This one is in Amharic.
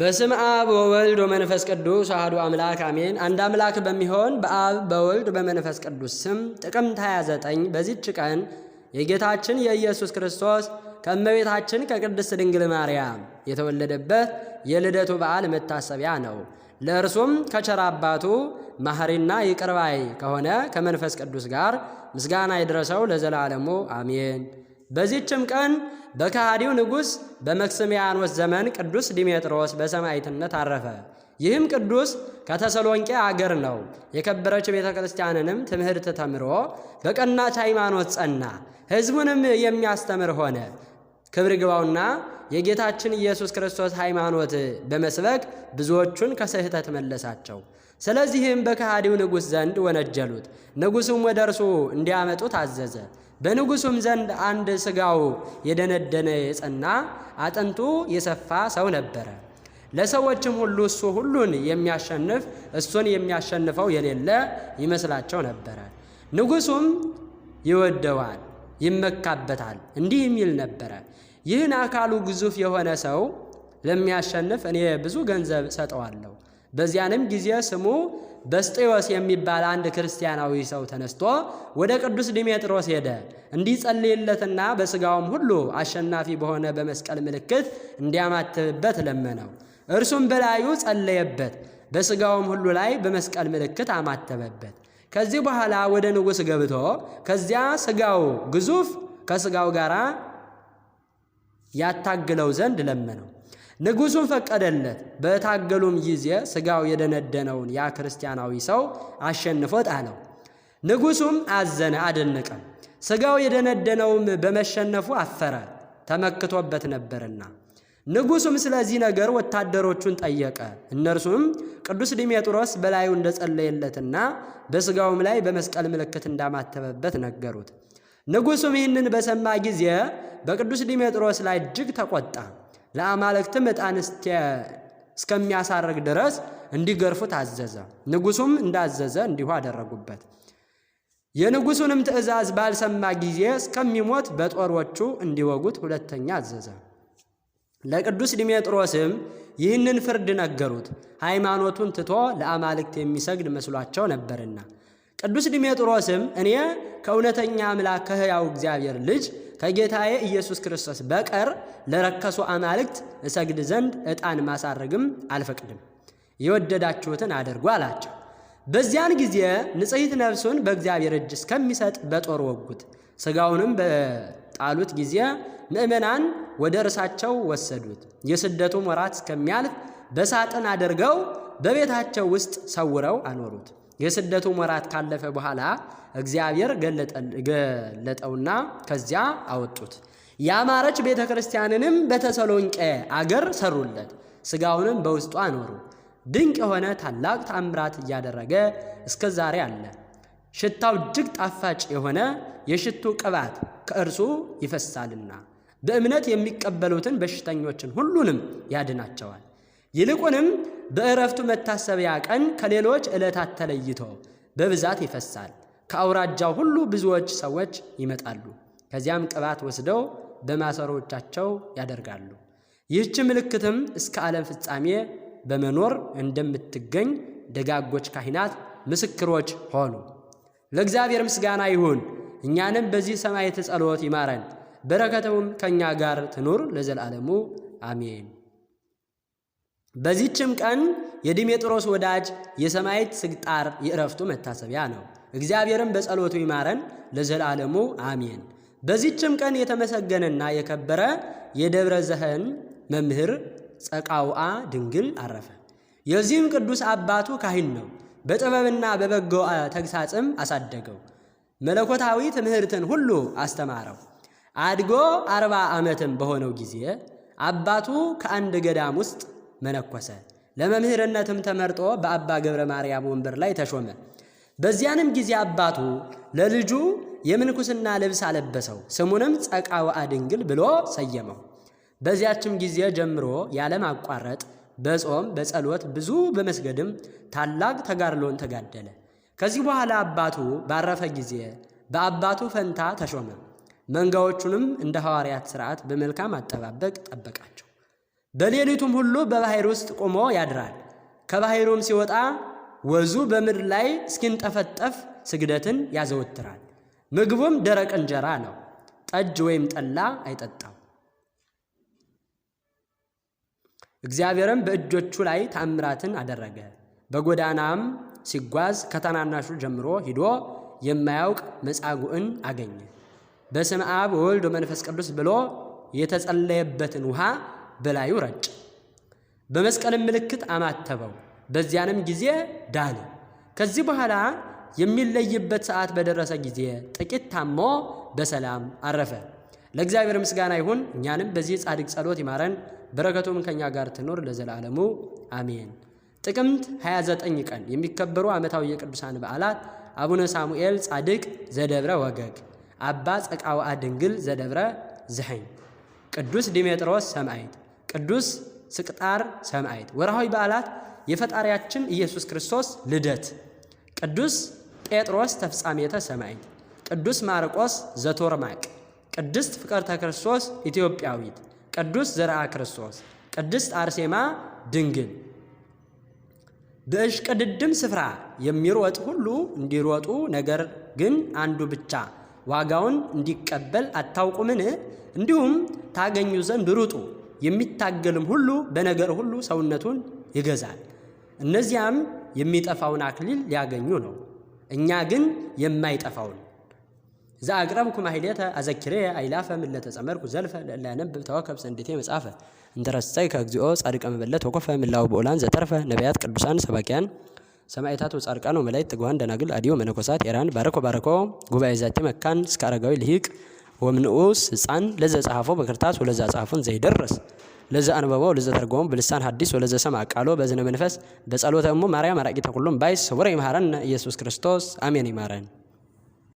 በስም አብ ወወልድ ወመንፈስ ቅዱስ አህዱ አምላክ አሜን። አንድ አምላክ በሚሆን በአብ በወልድ በመንፈስ ቅዱስ ስም ጥቅምት 29 በዚች ቀን የጌታችን የኢየሱስ ክርስቶስ ከእመቤታችን ከቅድስት ድንግል ማርያም የተወለደበት የልደቱ በዓል መታሰቢያ ነው። ለእርሱም ከቸር አባቱ ማህሪና ይቅርባይ ከሆነ ከመንፈስ ቅዱስ ጋር ምስጋና ይድረሰው ለዘላለሙ አሜን። በዚችም ቀን በከሃዲው ንጉሥ በመክስሚያኖስ ዘመን ቅዱስ ዲሜጥሮስ በሰማዕትነት አረፈ። ይህም ቅዱስ ከተሰሎንቄ አገር ነው። የከበረች ቤተ ክርስቲያንንም ትምህርት ተምሮ በቀናች ሃይማኖት ጸና። ሕዝቡንም የሚያስተምር ሆነ። ክብር ግባውና የጌታችን ኢየሱስ ክርስቶስ ሃይማኖት በመስበክ ብዙዎቹን ከስህተት መለሳቸው። ስለዚህም በከሃዲው ንጉሥ ዘንድ ወነጀሉት። ንጉሡም ወደ እርሱ እንዲያመጡት አዘዘ። በንጉሡም ዘንድ አንድ ሥጋው የደነደነ የጸና አጥንቱ የሰፋ ሰው ነበረ። ለሰዎችም ሁሉ እሱ ሁሉን የሚያሸንፍ እሱን የሚያሸንፈው የሌለ ይመስላቸው ነበረ። ንጉሡም ይወደዋል፣ ይመካበታል። እንዲህ የሚል ነበረ ይህን አካሉ ግዙፍ የሆነ ሰው ለሚያሸንፍ እኔ ብዙ ገንዘብ ሰጠዋለሁ በዚያንም ጊዜ ስሙ በስጤዎስ የሚባል አንድ ክርስቲያናዊ ሰው ተነስቶ ወደ ቅዱስ ዲሜጥሮስ ሄደ እንዲጸልይለትና በሥጋውም ሁሉ አሸናፊ በሆነ በመስቀል ምልክት እንዲያማትብበት ለመነው። እርሱም በላዩ ጸለየበት፣ በሥጋውም ሁሉ ላይ በመስቀል ምልክት አማተበበት። ከዚህ በኋላ ወደ ንጉሥ ገብቶ ከዚያ ሥጋው ግዙፍ ከሥጋው ጋር ያታግለው ዘንድ ለመነው። ንጉሱም ፈቀደለት። በታገሉም ጊዜ ስጋው የደነደነውን ያ ክርስቲያናዊ ሰው አሸንፎ ጣለው። ንጉሱም አዘነ፣ አደነቀም። ስጋው የደነደነውም በመሸነፉ አፈረ፣ ተመክቶበት ነበርና። ንጉሱም ስለዚህ ነገር ወታደሮቹን ጠየቀ። እነርሱም ቅዱስ ዲሜጥሮስ በላዩ እንደጸለየለትና በስጋውም ላይ በመስቀል ምልክት እንዳማተበበት ነገሩት። ንጉሱም ይህንን በሰማ ጊዜ በቅዱስ ዲሜጥሮስ ላይ እጅግ ተቆጣ። ለአማልክትም ዕጣን እስከሚያሳርግ ድረስ እንዲገርፉት አዘዘ። ንጉሱም እንዳዘዘ እንዲሁ አደረጉበት። የንጉሱንም ትእዛዝ ባልሰማ ጊዜ እስከሚሞት በጦሮቹ እንዲወጉት ሁለተኛ አዘዘ። ለቅዱስ ዲሜጥሮስም ይህንን ፍርድ ነገሩት፣ ሃይማኖቱን ትቶ ለአማልክት የሚሰግድ መስሏቸው ነበርና። ቅዱስ ዲሜጥሮስም እኔ ከእውነተኛ አምላክ ከሕያው እግዚአብሔር ልጅ ከጌታዬ ኢየሱስ ክርስቶስ በቀር ለረከሱ አማልክት እሰግድ ዘንድ ዕጣን ማሳረግም አልፈቅድም፣ የወደዳችሁትን አድርጉ አላቸው። በዚያን ጊዜ ንጽሕት ነፍሱን በእግዚአብሔር እጅ እስከሚሰጥ በጦር ወጉት። ሥጋውንም በጣሉት ጊዜ ምእመናን ወደ እርሳቸው ወሰዱት። የስደቱም ወራት እስከሚያልፍ በሳጥን አድርገው በቤታቸው ውስጥ ሰውረው አኖሩት። የስደቱ ወራት ካለፈ በኋላ እግዚአብሔር ገለጠውና ከዚያ አወጡት። ያማረች ቤተ ክርስቲያንንም በተሰሎንቄ አገር ሰሩለት፣ ስጋውንም በውስጡ አኖሩ። ድንቅ የሆነ ታላቅ ታምራት እያደረገ እስከ ዛሬ አለ። ሽታው እጅግ ጣፋጭ የሆነ የሽቱ ቅባት ከእርሱ ይፈሳልና በእምነት የሚቀበሉትን በሽተኞችን ሁሉንም ያድናቸዋል። ይልቁንም በእረፍቱ መታሰቢያ ቀን ከሌሎች ዕለታት ተለይቶ በብዛት ይፈሳል። ከአውራጃው ሁሉ ብዙዎች ሰዎች ይመጣሉ። ከዚያም ቅባት ወስደው በማሰሮቻቸው ያደርጋሉ። ይህች ምልክትም እስከ ዓለም ፍጻሜ በመኖር እንደምትገኝ ደጋጎች ካህናት ምስክሮች ሆኑ። ለእግዚአብሔር ምስጋና ይሁን። እኛንም በዚህ ሰማዕት ጸሎት ይማረን፣ በረከተውም ከእኛ ጋር ትኑር ለዘላለሙ አሜን። በዚህችም ቀን የዲሜጥሮስ ወዳጅ የሰማይት ስግጣር የእረፍቱ መታሰቢያ ነው። እግዚአብሔርም በጸሎቱ ይማረን ለዘላለሙ አሜን። በዚህችም ቀን የተመሰገነና የከበረ የደብረ ዘህን መምህር ጸቃውአ ድንግል አረፈ። የዚህም ቅዱስ አባቱ ካህን ነው። በጥበብና በበጎ ተግሳጽም አሳደገው። መለኮታዊ ትምህርትን ሁሉ አስተማረው። አድጎ አርባ ዓመትም በሆነው ጊዜ አባቱ ከአንድ ገዳም ውስጥ መነኮሰ። ለመምህርነትም ተመርጦ በአባ ገብረ ማርያም ወንበር ላይ ተሾመ። በዚያንም ጊዜ አባቱ ለልጁ የምንኩስና ልብስ አለበሰው፣ ስሙንም ጸቃወአ ድንግል ብሎ ሰየመው። በዚያችም ጊዜ ጀምሮ ያለማቋረጥ በጾም በጸሎት ብዙ በመስገድም ታላቅ ተጋድሎን ተጋደለ። ከዚህ በኋላ አባቱ ባረፈ ጊዜ በአባቱ ፈንታ ተሾመ። መንጋዎቹንም እንደ ሐዋርያት ሥርዓት በመልካም አጠባበቅ ጠበቃቸው። በሌሊቱም ሁሉ በባሕር ውስጥ ቆሞ ያድራል። ከባሕሩም ሲወጣ ወዙ በምድር ላይ እስኪንጠፈጠፍ ስግደትን ያዘወትራል። ምግቡም ደረቅ እንጀራ ነው። ጠጅ ወይም ጠላ አይጠጣም። እግዚአብሔርም በእጆቹ ላይ ታምራትን አደረገ። በጎዳናም ሲጓዝ ከታናናሹ ጀምሮ ሂዶ የማያውቅ መጻጉዕን አገኘ። በስመ አብ ወወልድ ወመንፈስ ቅዱስ ብሎ የተጸለየበትን ውሃ በላዩ ረጭ በመስቀልም ምልክት አማተበው። በዚያንም ጊዜ ዳነ። ከዚህ በኋላ የሚለይበት ሰዓት በደረሰ ጊዜ ጥቂት ታሞ በሰላም አረፈ። ለእግዚአብሔር ምስጋና ይሁን። እኛንም በዚህ ጻድቅ ጸሎት ይማረን፣ በረከቱም ከእኛ ጋር ትኖር ለዘላለሙ አሜን። ጥቅምት 29 ቀን የሚከበሩ ዓመታዊ የቅዱሳን በዓላት አቡነ ሳሙኤል ጻድቅ ዘደብረ ወገግ፣ አባ ጸቃውአ ድንግል ዘደብረ ዝሐኝ፣ ቅዱስ ዲሜጥሮስ ሰማዕት ቅዱስ ስቅጣር ሰማዕት። ወርሃዊ በዓላት የፈጣሪያችን ኢየሱስ ክርስቶስ ልደት፣ ቅዱስ ጴጥሮስ ተፍጻሜተ ሰማዕት፣ ቅዱስ ማርቆስ ዘቶርማቅ፣ ቅድስት ፍቅርተ ክርስቶስ ኢትዮጵያዊት፣ ቅዱስ ዘርአ ክርስቶስ፣ ቅድስት አርሴማ ድንግል። በእሽቅድድም ስፍራ የሚሮጥ ሁሉ እንዲሮጡ፣ ነገር ግን አንዱ ብቻ ዋጋውን እንዲቀበል አታውቁምን? እንዲሁም ታገኙ ዘንድ ሩጡ። የሚታገልም ሁሉ በነገር ሁሉ ሰውነቱን ይገዛል። እነዚያም የሚጠፋውን አክሊል ሊያገኙ ነው። እኛ ግን የማይጠፋውን ዘአቅረብኩ ማህሌተ አዘኪሬ አይላፈ ምለተጸመርኩ ዘልፈ ለእለነብብ ተወከብ ሰንዴቴ መጻፈ እንተረስተይ ከእግዚኦ ጻድቀ መበለት ወኮፈ ምላው በኦላን ዘተርፈ ነቢያት ቅዱሳን ሰባኪያን ሰማዕታት ወጻድቃን ወመላእክት ትጉሃን ደናግል አዲዮ መነኮሳት ኤራን ባረኮ ባረኮ ጉባኤ ዛቴ መካን እስከ አረጋዊ ልሂቅ ወምንዑስ ህፃን ለዘ ጸሐፎ በክርታስ ወለዛ ጸሐፉን ዘይደረስ ለዘ አንበባው ለዘ ተርጎሙ ብልሳን ሐዲስ ወለዘ ሰምዐ ቃሎ በዝነ መንፈስ በጸሎተ እሙ ማርያም አራቂተ ኩሎም ባይስ ስውረ ይምሃረነ ኢየሱስ ክርስቶስ አሜን። ይማረን።